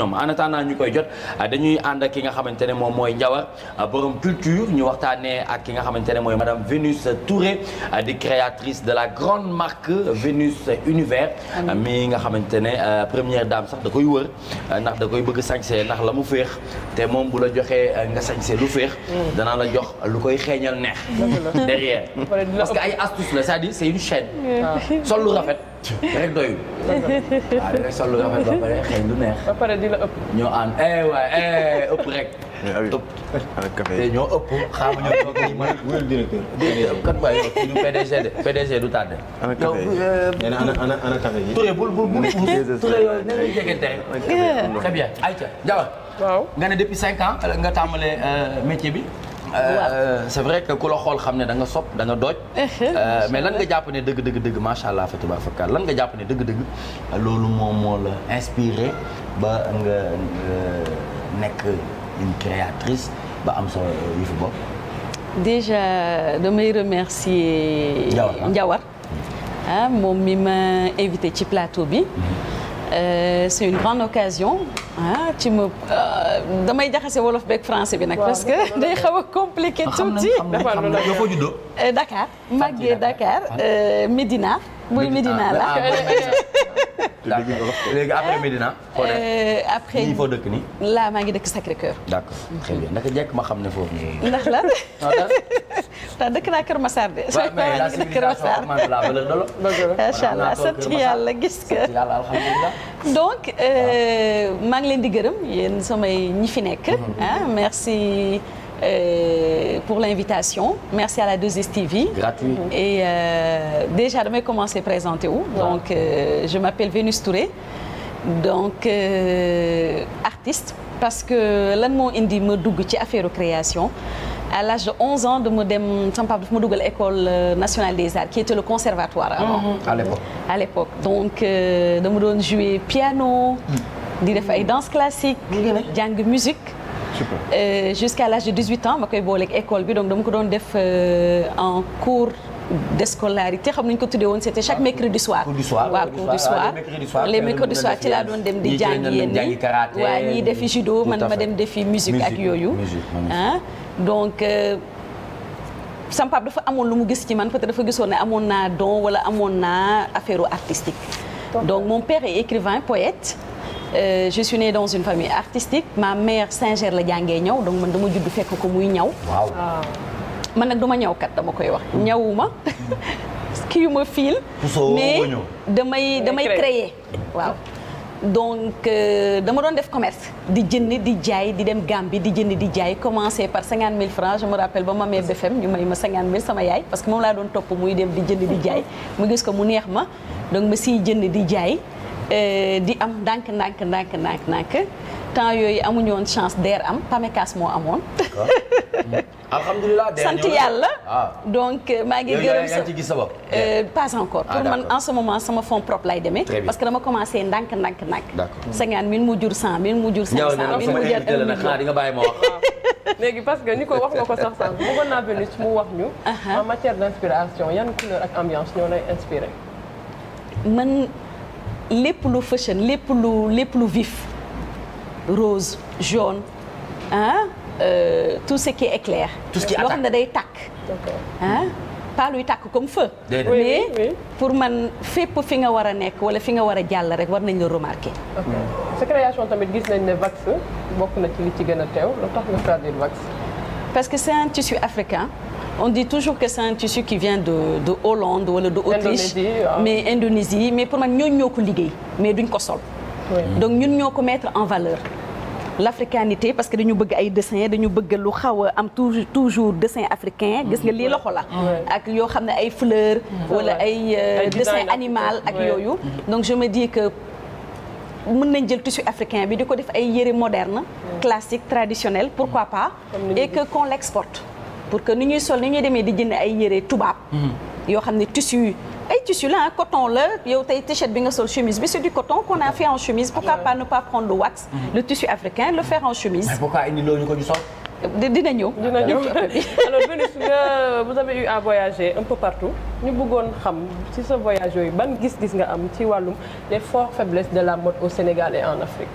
ñoom en attendant ñu koy jot ah, dañuy ànd ak ki nga xamante ne moom mooy Ndiawar ah, boroom culture ñu waxtaanee ak ki nga xamante ne mooy madame Vénus Touré ah, di créatrice de la grande marque Vénus Univers mi nga xamante ne première daam sax da koy wër ndax da koy bëgg sañsee ndax la mu féex te moom bu la joxee nga sañsee lu féex mm. danaa la jox lu koy xeeñal neex derrière parce que ay astuce la c'est-à-dire c'est une chaîne sol lu rafet rek doyul. waaw dangay sol lu rafet ba pare xëy lu neex. ba pare di la ëpp. ñoo ànd eh waay ëpp rek. ëpp. te ñoo ëpp xaaral ma ñoo toog ma wóorul directeur. déedéet kat waay ñu PDG de PDG du tardé. ana café yi nee na ana ana ana café yi. Touré bul bul bul Touré yooyu nee nañu jegante rek. très bien Aïcha Diawar. waaw nga ne depuis cinq ans nga tàmbalee métier bi. Ah, ah, ah. c'est vrai que ku la xool xam ne da nga sopp da dooj euh, mais lan nga jàpp ne dëgg dëgg dëgg macha allah fa tabaaraka lan nga jàpp ne dëgg dëgg loolu moom moo la inspiré ba nga nekk une créatrice ba am sa yu fi bopp déjà damay remercier Njawar ah moom mi ma invité ci plateau bi mhm. euh, c'est une grande occasion ah ci ma euh, damay jaxase wolof beeg français bi nag. parce que day xaw a compliqué. tuuti euh, Dakar. màggee Dakar euh, Médina. muy Médina la ah, ah, ah, léegi après euh, Médina. foo dëkk euh, après nii foo dëkk nii. maa ngi dëkk Sacré-Cœur. d'accord très jekk ma xam ne foofu nii. ndax la ndax dëkk naa Kër Masar de. waaw mais la civilisation man la bële dolo. macha allah gis nga. yàlla alhamdulilah. donc euh, maa ngi leen di gërëm yéen samay ñi fi nekk. Mhm. Ah, merci. Euh, pour l'invitation merci à la 2STV. gratuit et euh, déjà damay commencer présenter wu. donc euh, je m'appelle Vénus Touré donc artiste. parce que lan moo indi ma dugg ci affaire création. à l'âge de 11 ans dama dem sama papa dafa ma dugal école nationale des arts qui était le conservatoire avant. Mm-hmm. à l'époque à l'époque donc dama doon jouer piano. Mm. di def ay danse classique. jàng musique. super euh, jusqu'à l'âge de 18 ans ma koy booleeg école bi donc dama ko doon def euh, en cours de scolarité xam nañu ko tuddee woon c'était chaque ah. mercredi soir. cours du soir waaw cours soir ah, ci laa doon dem di jàngi yenn ñii waa ñii defi judo man ma dem defi musique ak yooyu. Ah, donc euh, sama dafa amoon lu mu gis ci man peut dafa gisoon ne amoon naa don wala amoon naa affaire artistique. donc mon père est écrivain poète. Euh, je suis née dans une famille artistique ma mère saint la jàngee ñëw donc man dama judd fekk ko muy ñaw. waaw ah. man nag duma ñaw kat dama koy wax hmm. ñawuma kii ma fiil. mais damay damay créer waaw. donc euh, dama doon def commerce di jënd di jaay di dem Gambie di jënd di jaay commencé par cinquante mille francs je me rappelle ba ma amee BFM ñu may ma cinquante mille sama yaay parce que moom laa doon topp muy dem di jënd di jaay mu gis ko mu neex ma donc ma siy jënd di jaay Euh, di am ndànk ndànk ndànk ndànk ndànk temps yooyu amuñu woon chance DER am PAMECAS moo amoon. alhamdulilah sant yàlla. Ah. donc euh, maa ngi gërëm sa ci gis sa bopp euh, pas encore ah, pour man en ce moment sama fonds propre lay demee. parce que dama commencé ndànk ndànk ndànk. d'accord cinquante mille mu jur cent mille mu jur. cinq cent mille mu jur un million di nga bàyyi ma wax. léegi parce que ni ko wax nga ko sax sànq bëggoon naa Vénus mu wax ñu. Uh-huh. en matière d'inspiration yan couleur ak ambiance ñoo lay inspiré. man lépp lu fashion lépp lu lépp lu vif rose jaune ah euh, tout ce qui éclaire. tout ce qui na loo xam ne day tàkk. ah pas comme feu. mais pour man fépp fi nga war a nekk wala fi nga war a jàll rek war nañ la remarqué. ok sa création tamit gis nañ ne Vax bokk na ci li ci gën a teew lu tax nga choisir Vax. parce que c'est un tissu on dit toujours que c'est un tissu qui vient de de Hollande wala de Autriche ah. mais Indonésie mais pour man ñooñu ko liggéey mais duñ ko sol donc ñun ñoo ko mettre en valeur l'africanité parce que dañu bëgg ay dessin dañu bëgg lu xaw a am toujours toujours dessin africain gis nga li loxo la ak yoo xam ne ay fleur mm. wala ay euh, dessin animal ak yooyu donc je me dis que mën nañ jël tissu africain bi di ko def ay yëre moderne classique traditionnel pourquoi pas et que qu'on pour que ni ñuy sol ni ñuy demee di jënd ay yére tubaab. Mhm. yoo xam ne tissu ay tissu la ah, coton la yow tey t bi nga sol chemise bi c'est du coton qu'on a fait en chemise ah, pourquoi pas ne pas prendre le wax. Mhm. le tissu africain le faire en chemise. mais pourquoi indi loolu ñu ko ñu sol. dina ñëw. dina ñëw alors Vénus nga vous avez voyager un peu partout ñu bëggoon xam ci sa voyage yooyu ban gis-gis nga am ci wàllum les forces faiblesses de la mode au Sénégal en Afrique.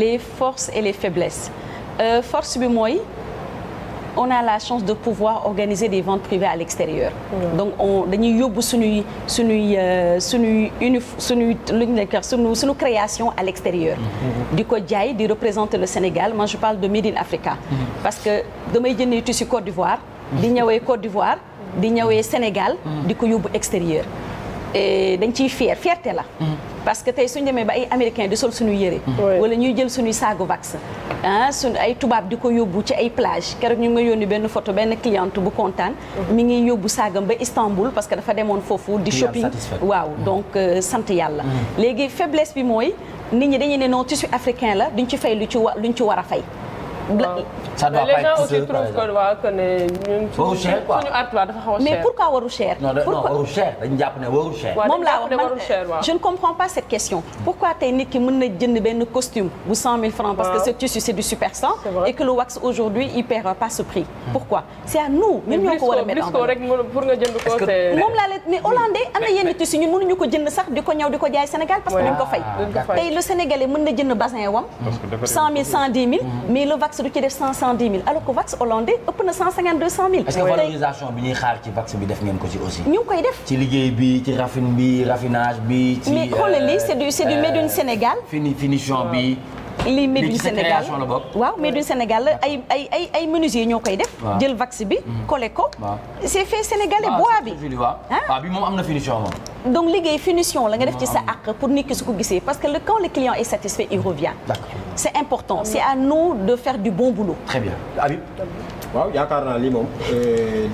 les forces et les faiblesses euh, force bi mooy. on a la chance de pouvoir organiser des ventes privées à l'extérieur donc on dañuy yóbbu suñuy suñuy euh, suñuy uni suñuy luñ nekk suñu suñu création à l'extérieur mm-hmm. di ko jaay di représenter le Sénégal moi je parle de Made in Africa mm-hmm. parce que damay jëndee tissu Côte d'Ivoire di ñëwee Côte d'Ivoire di ñëwee Sénégal mm-hmm. di ko yóbbu extérieur Eh, dañ ciy fier fierté la. Mm-hmm. parce que tey suñu demee ba ay américain di sol suñu yëre. Mm-hmm. wala ñuy jël suñuy saagu vax. ah suñu ay tubaab di ko yóbbu ci ay plage keroog ñu ngi yónni benn photo benn cliente bu kontaan. Mm-hmm. mi ngi yóbbu saagam ba Istanbul parce que dafa demoon foofu di shopping. waaw donc euh, sant yàlla. léegi faiblesse bi mooy nit ñi dañu ne non tissu africain la duñ ci fay lu ci wa luñ ci war a fay. ça doit a ah, pourquoi waru je ne comprends pas cette question. pourquoi tey nit ki mën na costume parce que ce tissu c'est du super 100. et que le wax aujourd'hui il perd pas ce prix. Hmm. pourquoi c'est à nous. ñun hmm. hollandais am tissu ñun mënuñu ko jënd sax di ko ñaw di ko Sénégal parce que duñ le sénégalais mën na jënd basin wam. Hmm. mais le wax vax du ci def cent cent dix vax hollandais ëpp na cent cinquante ce que bi ñuy xaar ci vax bi def ngeen ko ci aussi. ñu ngi koy def ci liggéey bi ci raffine bi raffinage bi. ci mais xoolal lii c'est du euh, Sénégal. fini finition Sénégal waaw Made in Sénégal ay ay ay ay ñoo koy def. jël wax bi. Mhm. collé ko. c'est fait sénégalais bois bi. waaw am na finition moom. donc liggéey finition la nga def ci sa àq pour nit ki ko gisee parce que le quand le client est satisfait il revient. c'est important c'est à nous de faire du bon boulot. très bien waaw yaakaar naa lii moom euh,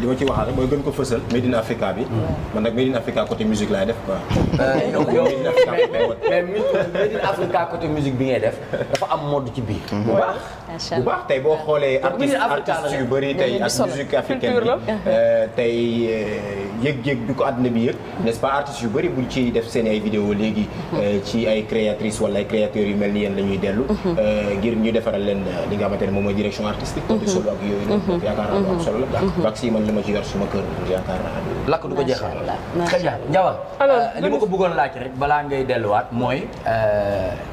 li ma ci waxaat rek mooy gën ko fësal Made in Africa bi. Hmm. man nag Made in Africa côté musique laay def quoi. Euh, yow mais Made Africa côté musique bi ngay def dafa am mode ci bi bu baax tey boo xoolee. artiste artiste yu bëri tey ak musique africaine bi euh, euh, yëg-yëg du ko àdduna bi yëg. n'est-ce pas artistes yu bari buñ ci def seen ay vidéo léegi. Mhm. Euh, ci ay créatrices wala ay créateurs yu mel ni yéen la ñuy dellu. Mhm. ngir ñu defaral leen li nga xamante ne moom mooy direction artistique. di mhm. solo ak yooyu noonu. yaakaar naa am la. vaccin man li ma ci yor suma kër yaakaar naa. lakk du ko jeexal. très bien Ndiawar. ma ko bëggoon laaj rek balaa ngay dellu delluwaat mooy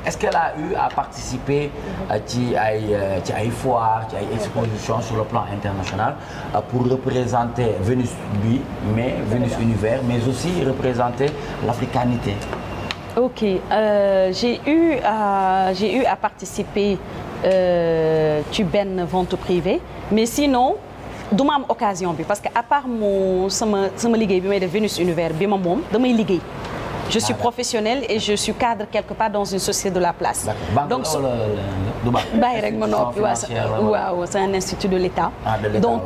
est-ce qu'elle a ci ay. ci ay foire ci ay exposition sur le plan international euh, pour représenter Vénus bi mais Vénus univers mais aussi représenter l'africanité ok euh, j'ai eu à à participer euh, ci benn vente privée mais sinon du ma am occasion bi parce que à part mon sama sama liggéey bi may def Vénus univers bi ma moom damay liggéey je suis professionnel et je suis cadre quelque part dans une société de la place. donc bàyyi rek ma noppi waaw waaw c'est un institut de l'État ah, donc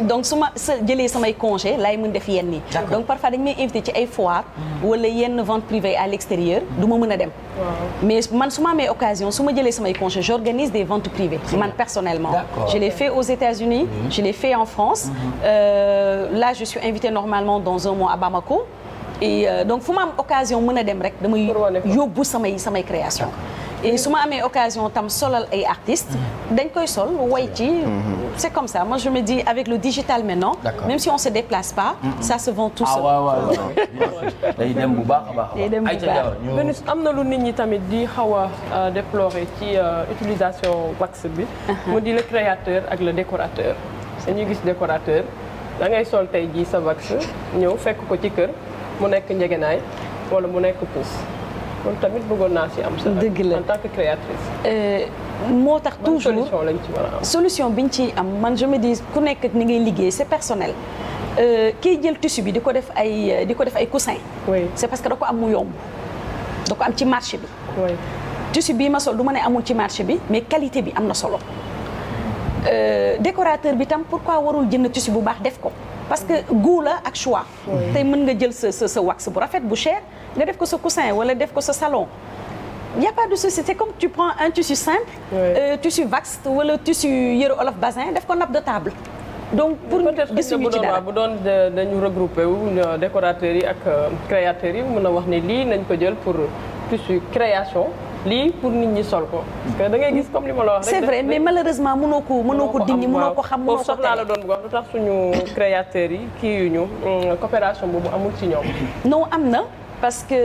donc su ma sa jëlee samay congé laay mën def yenn yi donc parfois dañ may invité ci ay foire wala yenn vente privée à l'extérieur du ma mën a dem mais man su ma amee occasion su ma jëlee samay congé j'organise des ventes privées man personnellement je l'ai fait aux États-Unis je l'ai fait en France mhm. euh, là je suis invitée normalement dans un mois à Bamako Euh, donc fu ma am occasion mën a dem rek damay yóbbu samay samay création et su ma amee occasion tam solal ay artistes mm-hmm. dañ koy sol woy ci mm-hmm. c'est comme ça moi je me dis avec le digital maintenant même si on se déplace pas mm-hmm. ça se vend ah, dem bu baax a baax day dem bu baax am na lu nit ñi tamit di xaw a euh, déplorer ci euh, utilisation wax bi uh-huh. mu di le créateur ak le décorateur dañuy gis décorateur da ngay sol tey ji sa wax ñëw fekk ko ci kër mu nekk njëgënaay wala mu nekk puuf kon tamit bëggoon naa si am. dëgg la en tant que créatrice. Euh, moo tax toujours solution lañ ci war a am. solution biñ ciy am man je me dis ku nekk ni ngay liggéey c'est personnel. Euh, kiy jël tissu bi di ko def ay di ko def ay coussin. oui c'est parce que da ko am mu yomb. da ko am ci marché bi. oui tissu bii ma sol du ma ne amul ci marché bi mais qualité bi am na solo. Euh, décorateur bi tam pourquoi warul jënd tissu bu baax def ko. parce que goût la ak choix. tey mën nga jël sa sa sa wax bu rafet bu cher nga def ko sa coussin wala def ko sa salon. y' a pas de souci c' est comme tu prends un tissu simple. Euh, wala tissu yëre olof basin def ko nappe de table. donc pour ñu gisuñu ci dara bu doon dañu regroupé wu décorateur yi ak euh, créateurs yi mën a wax ne lii nañ ko jël pour tissu création. lii pour nit ñi sol ko. parce que da ngay gis comme li ma la wax rek. c'est vrai mais malheureusement mënoo ko mënoo ko dindi mënoo ko xam mënoo ko soxlaa la doon wax lu tax suñu créateur yi kii yu ñu mm, coopération boobu amul ci ñoom. non am na. parce que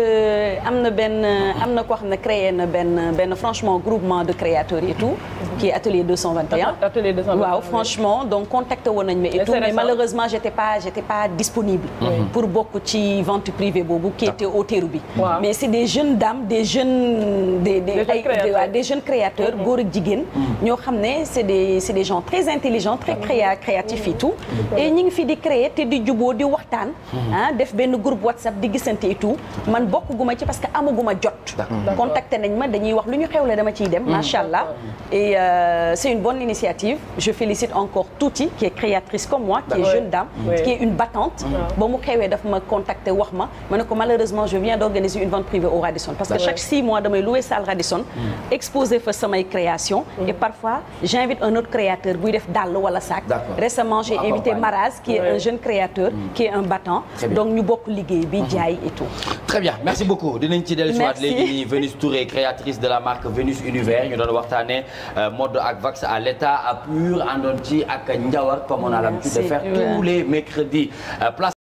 am na benn am na ko xam ne créé na benn benn franchement groupement de créateurs et tout. qui est atelier 221. atelier 221 waaw franchement donc contacté woon nañ ma et tout mais malheureusement j' étais pas j' étais pas disponible. Mhm. pour bokk ci vente privée boobu. qui était au Terrou-Bi. mais c' est des jeunes dames des jeunes. des des ay des jeunes créateurs mhm. góor ak jigéen. Mhm. ñoo xam ne c' est des c' est des gens très intelligents très créa créatifs et tout. et ñu ngi fi di créer te di juboo di waxtaan. ah def benn groupe WhatsApp di gisante et tout. man bokk gu ci parce que amaguma jot contacté nañ ma dañuy wax lu ñu xewle dama ciy dem hmm. macha allah et euh, c'est une bonne initiative je félicite encore Touti qui est créatrice comme moi qui est jeune dame mu xewee daf ma contacté wax ma ma ne ko malheureusement je viens d'organiser une vente privée au Radisson parce que chaque six mois damay louer salle Radisson hmm. exposer fa samay création hmm. et parfois j'invite un autre créateur buy def dàll wala sac récemment j'ai invité Maraz qui est un jeune créateur qui est un battant donc ñu bokk liggéey bi jaay et tout très bien merci beaucoup dinañ ci dellu si waat léegi Vénus Touré créatrice de la marque Vénus Univers ñu doon waxtaanee euh, mode ak vax à l'état à pur àndoon ci ak njawar comme on a l'habitude de faire tous les mercredis euh, place